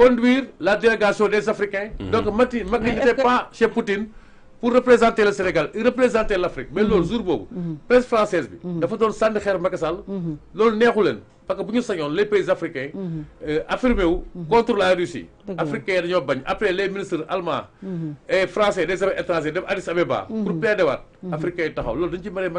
conduire la délégation des Africains. Mhm. Donc Mati n'était pas chez Poutine pour représenter le Sénégal, il représentait l'Afrique. Mais le mhm. jour bobu, mhm. presse française bi dafa doon sànni xeer Macky Sall. parce que bu les pays africains euh, affirmé contre la Russie. africains yi dañoo après les ministres allemands et français des affaires étrangères dem Addis Abeba pour plaider waat africains taxaw loolu dañ ci meree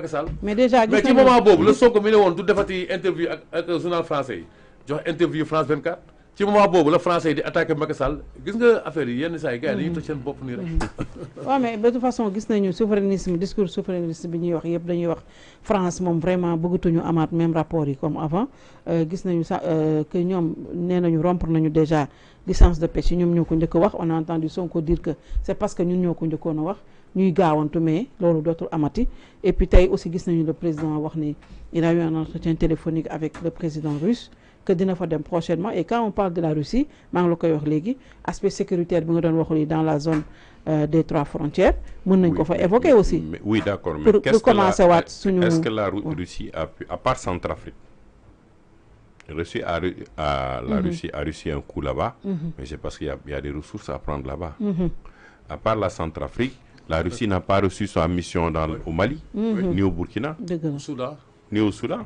mais déjà mais ce moment là le Sonko mi ne woon fait defati interview avec le journal français jox interview France 24 ci moment bobu la français di attaquer Macky Sall gis nga affaire yi yenn say yi gars yi dañuy toj seen rek. wa mm-hmm. mais de toute façon gis nañu souverainisme discours souverainiste bi ñuy wax yëpp dañuy wax France mom vraiment bëggatuñu amaat même rapport yi comme avant euh, gis nañu sax euh, que ñom nee rompre nañu déjà licence de pêche ñom ñoom ñëk wax on a entendu Sonko dire que c'est parce que ñun ñoo ko njëkkoon wax. ñuy gaawantu mais loolu dootul amati et puis tay aussi gis nañu le président wax ni il a eu un entretien téléphonique avec le président russe que d'une fa dem prochainement et quand on parle de la Russie maa la koy wax aspect sécuritaire bi dans la zone euh, des trois frontières mën nañ ko fa évoquer aussi oui d'accord mais quest commencer est-ce que la Russie a pu à part Centrafrique Russie a, la mhm. Russie a réussi un coup là-bas, mhm. mais c'est parce qu'il y, a des ressources à prendre là-bas. Mhm. À part la Centrafrique, la Russie n'a pas reçu sa mission dans, au Mali, ni au Burkina, ni au Soudan.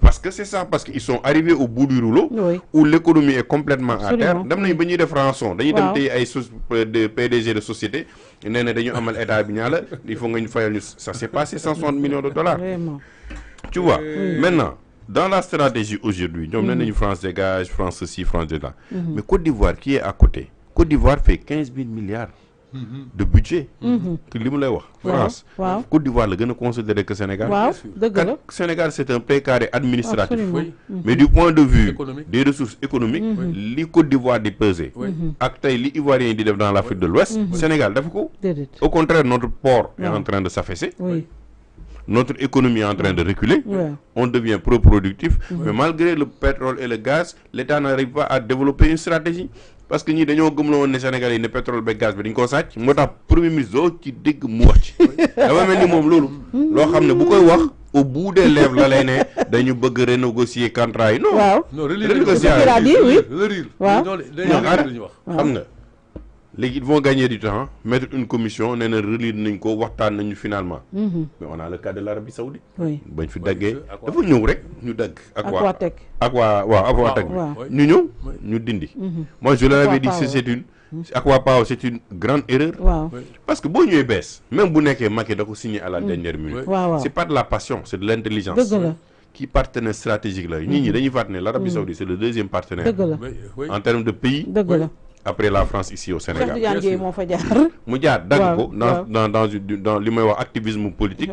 parce que c'est ça parce qu'ils sont arrivés au bout du rouleau où l'économie est complètement à terre Nous ils ba euh, des francs rançon des PDG de société nee dañu amal état ça s'est passé 160 millions de dollars tu vois maintenant dans la stratégie aujourd'hui on avons une France dégage France ceci France de mm-hmm. mais Côte d'Ivoire qui est à côté Côte d'Ivoire fait 15 000 milliards Mhm. de budget. Mhm. que France Côte d'Ivoire le que Sénégal. Sénégal c'est un précaré administratif. Mhm. mais du point de vue. des ressources économiques. les Côte d'Ivoire est peser. ak les Ivoiriens dans l'afrique de l'Ouest Sénégal au contraire notre port est en train de s'affaisser. notre économie est en train de reculer, on devient pro-productif, mais malgré le pétrole et le gaz, l'État n'arrive pas à développer une stratégie. parce que ñii dañoo gëmloo woon ne Sénégalais yi ne pétrole beeg gaz bi dañ koo sàcc moo tax premier ministre ci dégg mu wax ci dafa mel ni moom loolu loo xam ne bu koy wax au bout des lèvres la lay ne dañu bëgg renégocier contrat yi non non renégocier waaw xam nga Les ils vont gagner du temps mettre une commission on relire ko finalement. Mhm. mais on a le cas de l'Arabie saoudite. oui bañ fi daggee dafa ñëw rek ñu dagg. ak waa waaw mhm. moi je l'avais dit c'est une. Mhm. aqua power, c'est une grande erreur. parce que bo ñëwee même bu et Macky dako à la dernière minute. C'est pas de la passion c'est de l'intelligence qui partenaire stratégique là. dañuy l'Arabie Saoudite, c'est le deuxième partenaire. En termes de pays après la France ici au Sénégal en train de mu jaar dagg dans dans dans li may wax activisme politique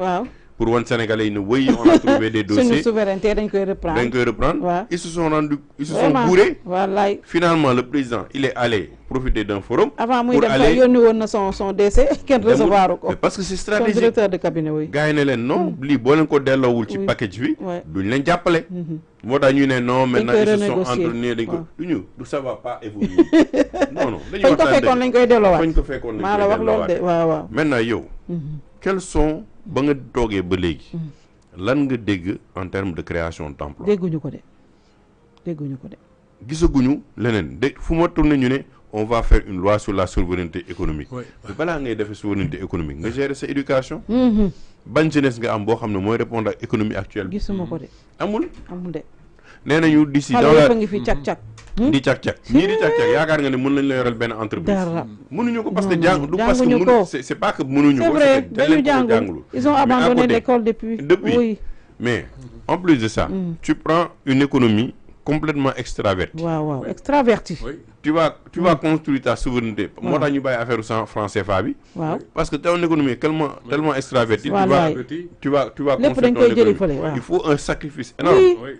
pour wan sénégalais yi ne oui on a trouvé des dossiers une souveraineté on koy reprendre dañ koy reprendre ils se sont rendus, ils se sont bourrés Voilà. finalement le président il est allé profiter d'un forum avant muy il sax yónni woon na son son décès pas recevoir ko parce que c'est stratégique son directeur de cabinet oui gars yi ne leen non mm. lii boo leen ko delloowul ci package les duñ leen jàppale mm-hmm. moo ñu non maintenant ils se sont entretenus Nous, ko du ça va pas évoluer non non dañu ko fekkoon lañ koy delloowaat fañ ko maintenant yow mm-hmm. quels sont ba nga toogee ba léegi. Mm. lan nga dégg en terme de création d'emploi dégguñu ko de dégguñu ko de. gisaguñu leneen de fu ma tourné ñu ne on va faire une loi sur la souveraineté économique. te balaa ngay defee souveraineté économique nga gérer sa éducation. Mm-hmm. ban jeunesse nga am boo xam ne mooy répondre à économie actuelle bi. gisuma ko de. amul amul de. nee nañu d'ici dans la fi Hmm? di cag-cag ni di cag-cag yaakaar nga ni mën nañ la yoral benn entreprise mënuñu ko parce que jàng du parce que mënu c'est pas que mënuñu ko dañu jàngul ils ont abandonné l'école depuis depuis mais en plus de ça hmm. tu prends une économie complètement extraverti. waaw waaw extraverti. tu vas tu vas hmm. construire ta souveraineté. waaw moo tax ñu bàyyi affaire sans français FA bi. waaw parce que tu une économie tellement tellement extraverti. tu vas tu vas tu vas construire ton économie il faut un sacrifice énorme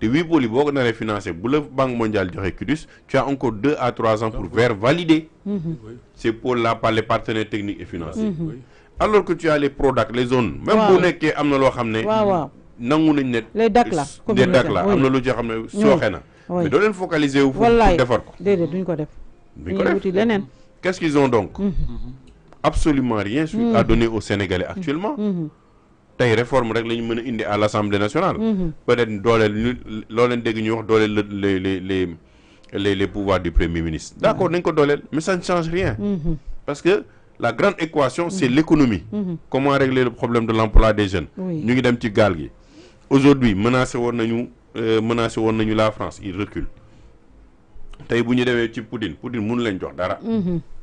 De 8 pôles vous avez financé bu la banque mondiale joxe Reculus, tu as encore 2 à 3 ans pour faire valider C'est pour là par les partenaires techniques et financiers mhm. alors que tu as les products, les zones même bu que amna lo xamné nangou nañ les DAC là, les DAC là lu ci xamné ne na mais do len focaliser vous pour defar ko duñ qu'est-ce qu'ils ont donc mhm. absolument rien mhm. à donner aux Sénégalais actuellement tay réforme rek lañu mëna indi à l'assemblée nationale. Mhm. peut-être dooleel lo loo leen dégg ñu wax dooleel les les les pouvoirs du premier ministre. Mhm. d'accord nañ ko mais ça ne change rien. Mhm. parce que la grande équation c'est l'économie comment régler le problème de l'emploi des jeunes. ñu ngi dem ci gal gi. aujourd'hui menacé won nañu euh, menacé won nañu la France il recule tay bu ñu demee ci Poutine Poutine mënu leen jox dara.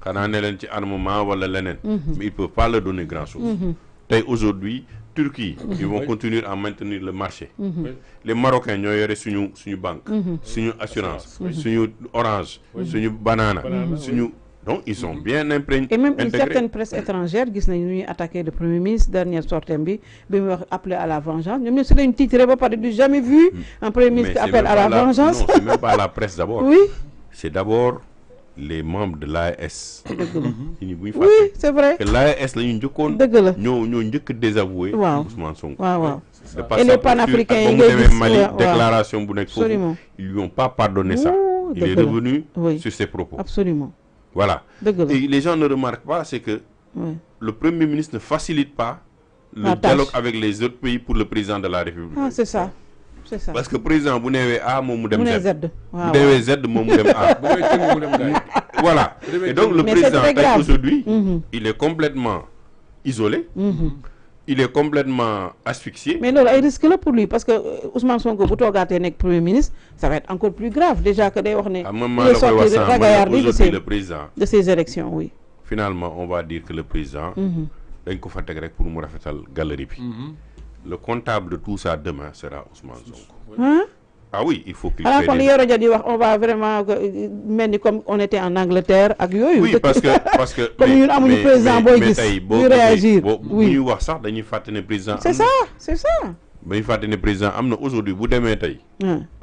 xana ne leen ci armement wala leneen. mais il peut pas le donner grand chose. tay aujourd'hui Turquie ils vont continuer à maintenir le marché mhm. les Marocains suñu suñu banque mhm. suñu assurance suñu orange suñu banana donc ils sont bien imprégnés et même une certaine presse étrangère qui s'est attaquée attaqué le premier ministre dernière sortie bi appelé à la vengeance ñoom ñoom si une jamais vu mm. un premier ministre appelé à la vengeance c'est même pas la presse d'abord oui c'est d'abord les membres de l'AS e oui c'est vrai. que l'AS, e la ñu njëkkoon. que désavoué. Ousmane Sonko. et les panafricains ils déclaration ils lui ont pas pardonné ça. il est revenu sur ses propos. absolument. voilà. et les gens ne remarquent pas c'est que. le premier ministre ne facilite pas. le dialogue avec les autres pays pour le président de la République. Ah, c'est ça parce que le président vous n'avez A vous mu Z Vous Z vous mu A. voilà et donc le président aujourd'hui mhm. il est complètement isolé. Mhm. il est complètement asphyxié. Mais non, il risque là pour lui parce que euh, Ousmane Sonko, vous regardez le Premier ministre, ça va être encore plus grave déjà que des ah, ornés. Aujourd'hui, le président. De ces élections, oui. Finalement, on va dire que le président, il un faire pour nous faire la galerie. Mhm le comptable de tout ça demain sera Ousmane Sonko. Hmm? Ah oui, il faut qu'il Alors déjà on va vraiment euh, mener comme on était en Angleterre Oui, parce que parce que mais, président président. C'est ça, c'est ça. mais le président aujourd'hui vous